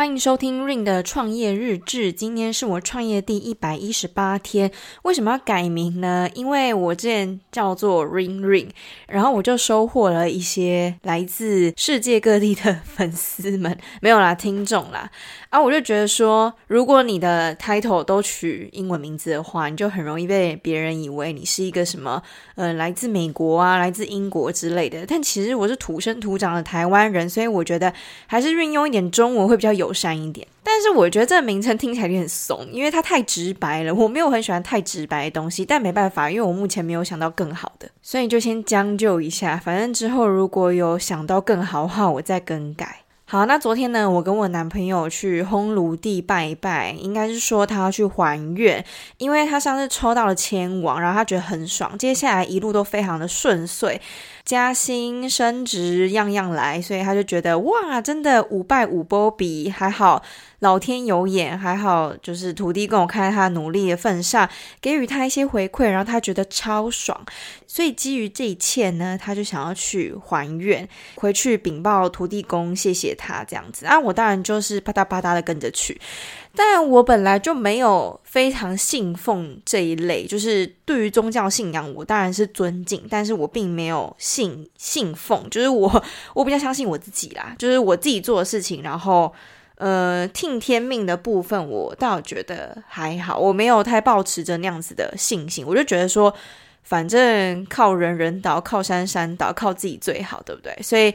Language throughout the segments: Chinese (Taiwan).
歡迎收聽 Ring 的創業日誌。今天是我創業第一百一十八天。為什麼要改名呢？因為我之前叫做 Ring Ring，然後我就收穫了一些來自世界各地的粉絲們，沒有啦，聽眾啦。啊，我就覺得說，如果你的 title 都取英文名字的話，你就很容易被別人以為你是一個什麼，呃，來自美國啊，來自英國之類的。但其實我是土生土長的台灣人，所以我覺得還是運用一點中文會比較有。刪一點，但是我覺得這個名稱聽起來就很慫，因為它太直白了。我沒有很喜歡太直白的東西，但沒辦法，因為我目前沒有想到更好的，所以就先將就一下。反正之後如果有想到更好的話，我再更改。好，那昨天呢，我跟我男朋友去烘爐地拜一拜，應該是說他要去還願，因為他上次抽到了籤王，然後他覺得很爽，接下來一路都非常的順遂，加薪升職樣樣來，所以他就覺得哇，真的五拜五波比還好。老天有眼，還好就是土地公看在他努力的份上，給予他一些回饋，然後他覺得超爽。所以基於這一切呢，他就想要去還願，回去稟報土地公，謝謝他這樣子。啊，我當然就是啪嗒啪嗒的跟着去。但，我本來就沒有非常信奉這一類，就是對於宗教信仰，我當然是尊敬，但是我並沒有信信奉，就是我我比較相信我自己啦，就是我自己做的事情，然後。呃，聽天命的部分，我倒覺得還好，我沒有太抱持着那樣子的信心。我就覺得說，反正靠人人倒，靠山山倒，靠自己最好，對不對？所以，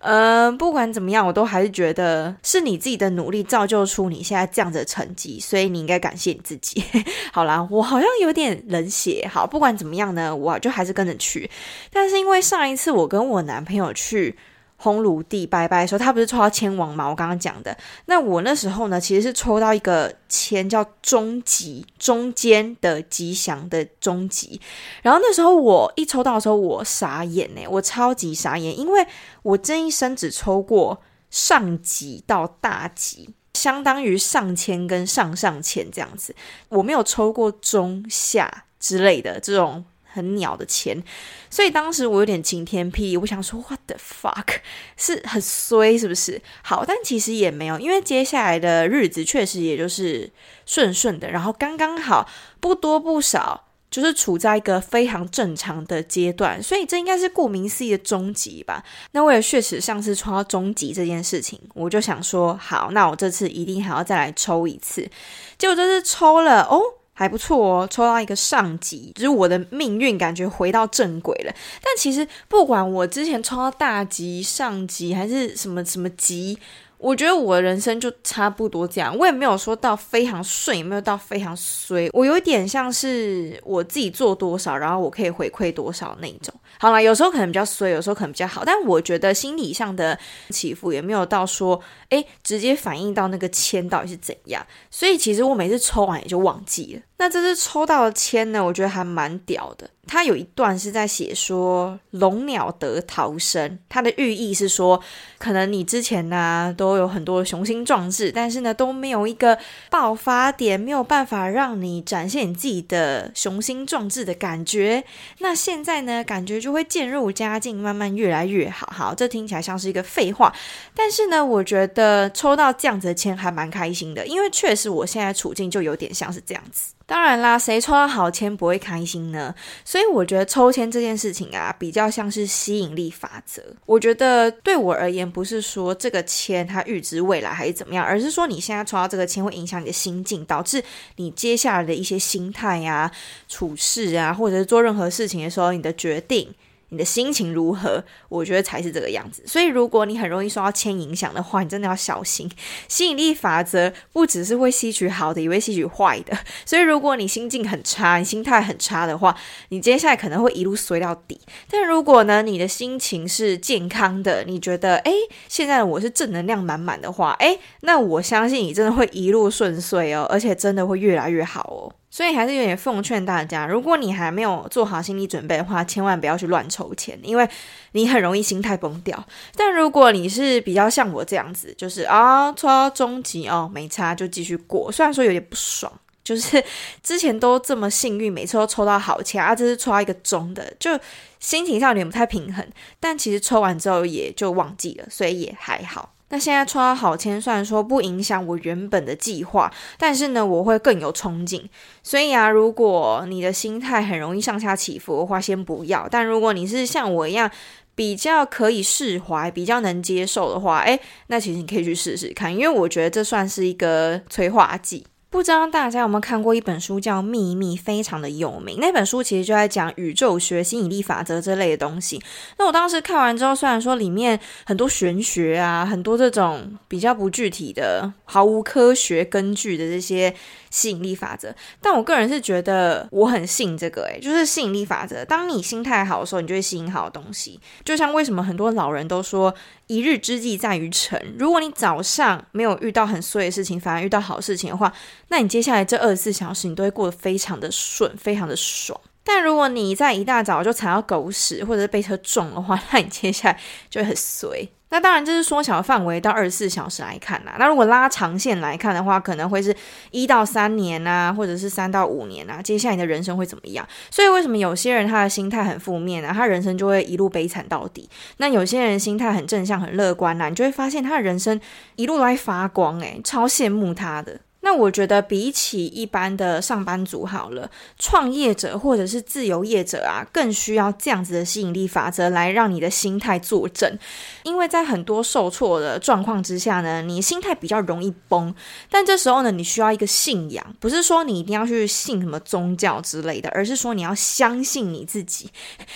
嗯、呃，不管怎麼樣，我都還是覺得是你自己的努力造就出你現在這樣的成績，所以你應該感謝你自己。 好啦，我好像有點冷血。好，不管怎麼樣呢，我就還是跟着去。但是因為上一次我跟我男朋友去。烘爐地拜拜的時候，他不是抽到籤王嗎？我剛剛講的。那我那時候呢，其實是抽到一個籤叫中吉，中間的吉祥的中吉。然後那時候我一抽到的時候，我傻眼欸，我超級傻眼，因為我這一生只抽過上吉到大吉，相當於上籤跟上上籤這樣子，我沒有抽過中下之類的這種。很鳥的錢，所以當時我有點晴天霹靂，我想說，what the fuck 是很衰是不是？好，但其實也沒有，因為接下來的日子確實也就是順順的，然後剛剛好不多不少，就是處在一個非常正常的階段，所以這應該是顧名思義的中吉吧。那為了血池上次抽到中吉這件事情，我就想說，好，那我這次一定還要再來抽一次。結果這次抽了哦。還不錯哦，抽到一個上籤，只、就是我的命運感覺回到正軌了。但其實不管我之前抽到大籤、上籤還是什麼什麼籤，我覺得我的人生就差不多這樣。我也沒有說到非常順，也沒有到非常衰，我有點像是我自己做多少，然後我可以回饋多少那種。好啦，有時候可能比較衰，有時候可能比較好，但我覺得心理上的起伏也沒有到說，哎，直接反映到那個籤到底是怎樣。所以其實我每次抽完也就忘記了。那這支抽到的籤呢，我覺得還蠻屌的。它有一段是在寫說“籠鳥得逃生”，它的寓意是說，可能你之前呢、啊、都有很多雄心壯志，但是呢都沒有一個爆發點，沒有辦法讓你展現你自己的雄心壯志的感覺。那現在呢，感覺就會漸入佳境，慢慢越來越好。好，這聽起來像是一個廢話，但是呢，我覺得抽到這樣子的籤還蠻開心的，因為確實我現在處境就有點像是這樣子。當然啦，誰抽到好籤不會開心呢？所以我覺得抽籤這件事情啊，比較像是吸引力法則。我覺得對我而言，不是說這個籤它預知未來還是怎麼樣，而是說你現在抽到這個籤會影響你的心境，導致你接下來的一些心態啊、處事啊，或者是做任何事情的時候，你的決定。你的心情如何？我覺得才是這個樣子。所以，如果你很容易受到牽影響的話，你真的要小心。吸引力法則不只是會吸取好的，也會吸取壞的。所以，如果你心境很差，你心態很差的話，你接下來可能會一路衰到底。但如果呢，你的心情是健康的，你覺得誒，現在我是正能量滿滿的話，誒，那我相信你真的會一路順遂哦，而且真的會越來越好哦。所以還是有點奉勸大家，如果你還沒有做好心理準備的話，千萬不要去亂抽籤，因為你很容易心態崩掉。但如果你是比較像我這樣子，就是啊、哦，抽到中籤哦，沒差就繼續過。雖然說有點不爽，就是之前都這麼幸運，每次都抽到好籤啊，這是抽到一個中的，就心情上有點不太平衡。但其實抽完之後也就忘記了，所以也還好。那現在抽到好籤，雖然說不影響我原本的計劃，但是呢，我會更有憧憬。所以啊，如果你的心態很容易上下起伏的話，先不要；但如果你是像我一樣，比較可以釋懷、比較能接受的話，哎，那其實你可以去試試看，因為我覺得這算是一個催化劑。不知道大家有沒有看過一本書叫《秘密》，非常的有名。那本書其實就在講宇宙學、吸引力法則這類的東西。那我當時看完之後，雖然說裡面很多玄學啊，很多這種比較不具體的、毫無科學根據的這些。吸引力法則，但我個人是覺得我很信這個、欸，誒就是吸引力法則。當你心態好的時候，你就會吸引好的東西。就像為什麼很多老人都說“一日之計在於晨”，如果你早上沒有遇到很衰的事情，反而遇到好事情的話，那你接下來這二十四小時你都會過得非常的順，非常的爽。但如果你在一大早就踩到狗屎，或者是被車撞的話，那你接下來就會很衰。那當然，這是縮小範圍到二十四小時來看啦、啊。那如果拉長線來看的話，可能會是一到三年啊，或者是三到五年啊。接下來你的人生會怎麼樣？所以，為什麼有些人他的心態很負面呢、啊？他人生就會一路悲慘到底。那有些人心態很正向、很樂觀啦、啊，你就會發現他的人生一路都在發光、欸，哎，超羨慕他的。那我覺得，比起一般的上班族好了，創業者或者是自由業者啊，更需要這樣子的吸引力法則來讓你的心態坐鎮。因為在很多受挫的狀況之下呢，你心態比較容易崩。但這時候呢，你需要一個信仰，不是說你一定要去信什麼宗教之類的，而是說你要相信你自己。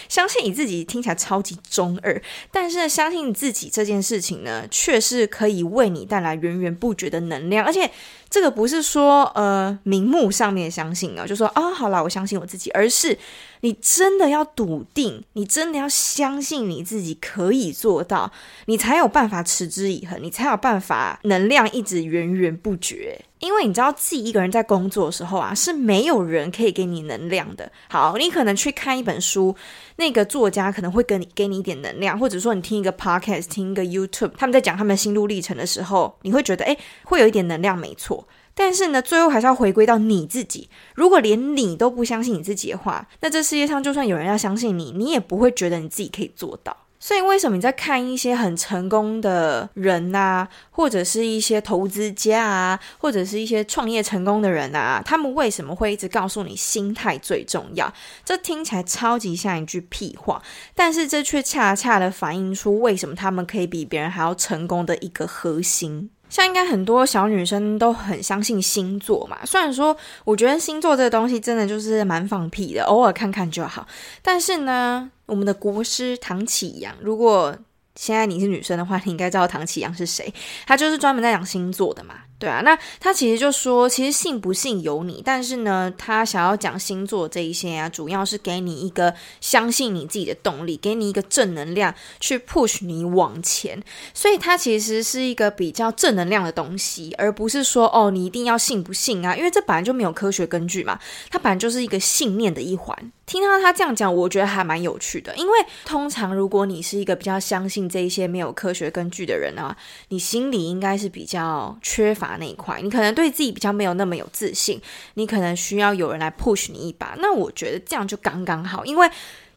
相信你自己聽起來超級中二，但是相信你自己這件事情呢，卻是可以為你帶來源源不絕的能量，而且。這個不是說呃，名目上面相信啊、哦，就說啊、哦，好啦，我相信我自己，而是，你真的要篤定，你真的要相信你自己可以做到，你才有辦法持之以恆，你才有辦法能量一直源源不絕。因為你知道自己一個人在工作的時候啊，是沒有人可以給你能量的。好，你可能去看一本書，那個作家可能會給你給你一點能量，或者說你聽一個 podcast，聽一個 YouTube，他們在講他們心路歷程的時候，你會覺得誒，會有一點能量，沒錯。但是呢，最後還是要回歸到你自己。如果連你都不相信你自己的話，那這世界上就算有人要相信你，你也不會覺得你自己可以做到。所以為什麼你在看一些很成功的人啊，或者是一些投資家啊，或者是一些創業成功的人啊，他們為什麼會一直告訴你心態最重要？這聽起來超級像一句屁話，但是這卻恰恰的反映出為什麼他們可以比別人還要成功的一個核心。像應該很多小女生都很相信星座嘛，雖然說我覺得星座這個東西真的就是蠻放屁的，偶爾看看就好。但是呢，我們的國師唐綺陽，如果現在你是女生的話，你應該知道唐綺陽是誰，他就是專門在講星座的嘛。對啊，那他其實就說，其實信不信由你，但是呢，他想要講星座這一些啊，主要是給你一個相信你自己的動力，給你一個正能量去 push 你往前。所以他其實是一個比較正能量的東西，而不是說哦你一定要信不信啊，因為這本來就沒有科學根據嘛，他本來就是一個信念的一環。聽到他這樣講，我覺得還蠻有趣的，因為通常如果你是一個比較相信這一些沒有科學根據的人啊，你心裡應該是比較缺乏的。那一塊，你可能對自己比較沒有那麼有自信，你可能需要有人來 push 你一把。那我覺得這樣就剛剛好，因為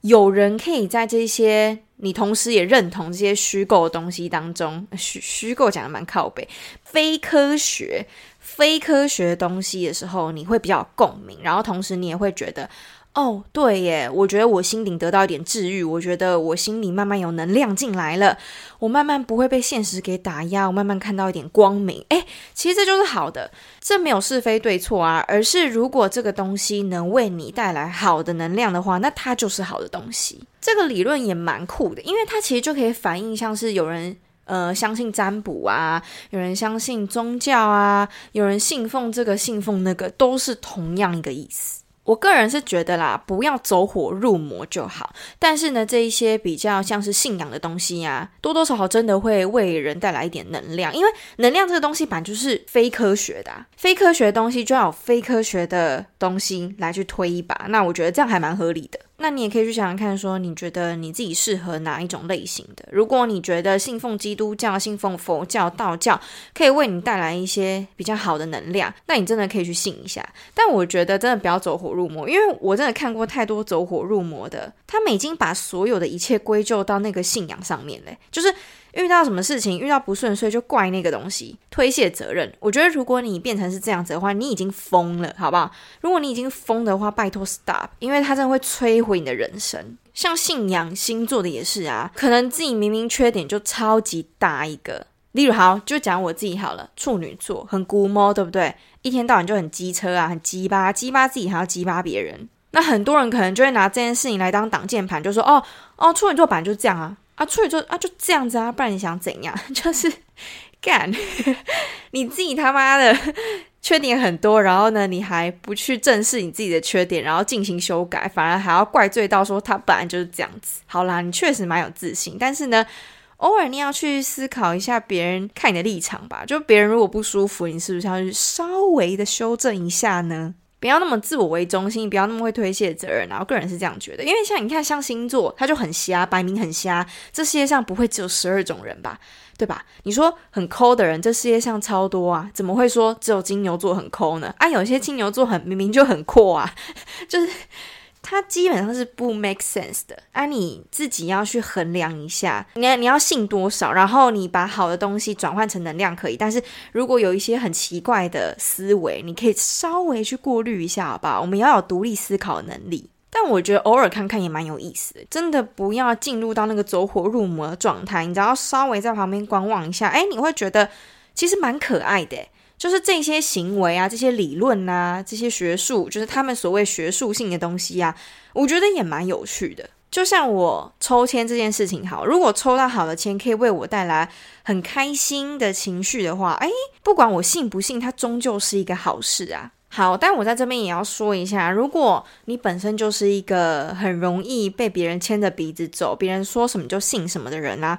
有人可以在這些你同時也認同這些虛構的東西當中，虛虛構講的蠻靠北，非科學、非科學的東西的時候，你會比較共鳴，然後同時你也會覺得。哦，對耶，我覺得我心裡得到一點治癒，我覺得我心裡慢慢有能量進來了，我慢慢不會被現實給打壓，我慢慢看到一點光明。誒，其實這就是好的，這沒有是非對錯啊，而是如果這個東西能為你帶來好的能量的話，那它就是好的東西。這個理論也蠻酷的，因為它其實就可以反映，像是有人呃相信占卜啊，有人相信宗教啊，有人信奉這個信奉那個，都是同樣一個意思。我個人是覺得啦，不要走火入魔就好。但是呢，這一些比較像是信仰的東西呀，多多少少真的會為人帶來一點能量。因為能量這個東西本來就是非科學的啊，非科學的東西就要有非科學的東西來去推一把。那我覺得這樣還蠻合理的。那你也可以去想想看，說你覺得你自己適合哪一種類型的？如果你覺得信奉基督教、信奉佛教、道教可以為你帶來一些比較好的能量，那你真的可以去信一下。但我覺得真的不要走火入魔，因為我真的看過太多走火入魔的，他們已經把所有的一切歸咎到那個信仰上面嘞，就是。遇到什麼事情，遇到不順遂就怪那個東西，推卸責任。我覺得如果你變成是這樣子的話，你已經瘋了，好不好？如果你已經瘋的話，拜託 stop，因為它真的會摧毀你的人生。像信仰星座的也是啊，可能自己明明缺點就超級大一個。例如，好，就講我自己好了，處女座很龜毛對不對？一天到晚就很機車啊，很雞掰，雞掰自己還要雞掰別人。那很多人可能就會拿這件事情來當擋箭牌，就說哦哦，處女座本來就是這樣啊。啊，出去就啊，就這樣子啊，不然你想怎樣？就是幹你自己他媽的缺點很多，然後呢，你還不去正視你自己的缺點，然後進行修改，反而還要怪罪到說他本來就是這樣子。好啦，你確實蠻有自信，但是呢，偶爾你要去思考一下別人看你的立場吧。就別人如果不舒服，你是不是要去稍微的修正一下呢？不要那麼自我為中心，不要那麼會推卸的責任。然後個人是這樣覺得，因為像你看，像星座他就很瞎，擺明很瞎。這世界上不會只有十二種人吧？對吧？你說很摳的人，這世界上超多啊，怎麼會說只有金牛座很摳呢？啊，有些金牛座很明明就很闊啊，就是。它基本上是不 make sense 的啊，你自己要去衡量一下，你要你要信多少，然後你把好的東西轉換成能量可以，但是如果有一些很奇怪的思維，你可以稍微去過濾一下，好吧？我們要有獨立思考能力，但我覺得偶爾看看也蠻有意思的，真的不要進入到那個走火入魔的狀態，你只要稍微在旁邊觀望一下，哎，你會覺得其實蠻可愛的。就是這些行為啊，這些理論啊，這些學術，就是他們所謂學術性的東西啊，我覺得也蠻有趣的。就像我抽籤這件事情，好，如果抽到好的籤，可以為我帶來很開心的情緒的話，哎，不管我信不信，它終究是一個好事啊。好，但我在這邊也要說一下，如果你本身就是一個很容易被別人牽着鼻子走，別人說什麼就信什麼的人啊。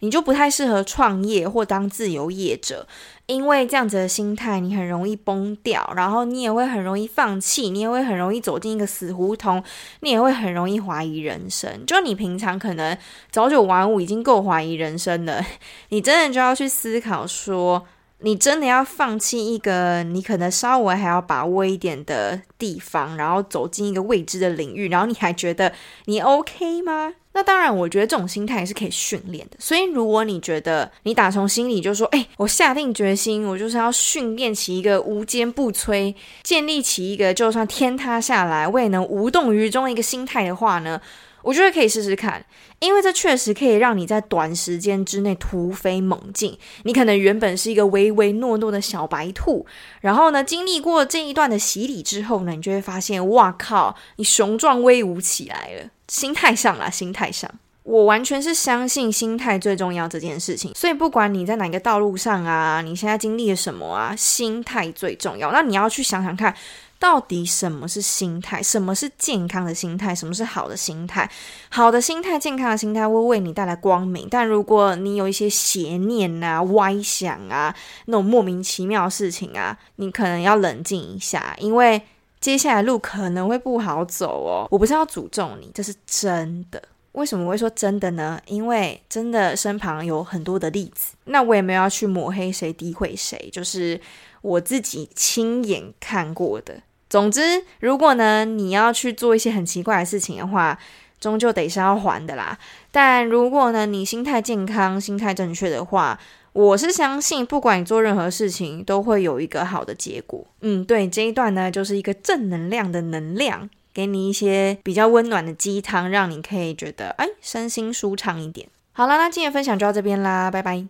你就不太適合創業或當自由業者，因為這樣子的心態，你很容易崩掉，然後你也會很容易放棄，你也會很容易走進一個死胡同，你也會很容易懷疑人生。就你平常可能朝九晚五已經夠懷疑人生了，你真的就要去思考說。你真的要放棄一個你可能稍微還要把握一點的地方，然後走進一個未知的領域，然後你還覺得你 OK 嗎？那當然，我覺得這種心態是可以訓練的。所以，如果你覺得你打從心裡就說：“哎、欸，我下定決心，我就是要訓練起一個無堅不摧，建立起一個就算天塌下來我也能無動於衷的一個心態的話呢，”我覺得可以試試看，因為這確實可以讓你在短時間之內突飛猛進。你可能原本是一個唯唯諾諾的小白兔，然後呢，經歷過這一段的洗禮之後呢，你就會發現，哇靠，你雄壯威武起來了。心態上啦，心態上，我完全是相信心態最重要這件事情。所以，不管你在哪個道路上啊，你現在經歷了什麼啊，心態最重要。那你要去想想看。到底什麼是心態？什麼是健康的心態？什麼是好的心態？好的心態、健康的心態會為你帶來光明。但如果你有一些邪念啊、歪想啊、那種莫名其妙的事情啊，你可能要冷靜一下，因為接下來路可能會不好走哦。我不是要詛咒你，這是真的。為什麼我會說真的呢？因為真的身旁有很多的例子。那我也沒有要去抹黑誰、詆毀誰，就是。我自己親眼看過的。總之，如果呢你要去做一些很奇怪的事情的話，終究得是要還的啦。但如果呢你心態健康、心態正確的話，我是相信，不管你做任何事情，都會有一個好的結果。嗯，對，這一段呢就是一個正能量的能量，給你一些比較溫暖的雞湯，讓你可以覺得哎，身心舒暢一點。好啦，那今天的分享就到這邊啦，拜拜。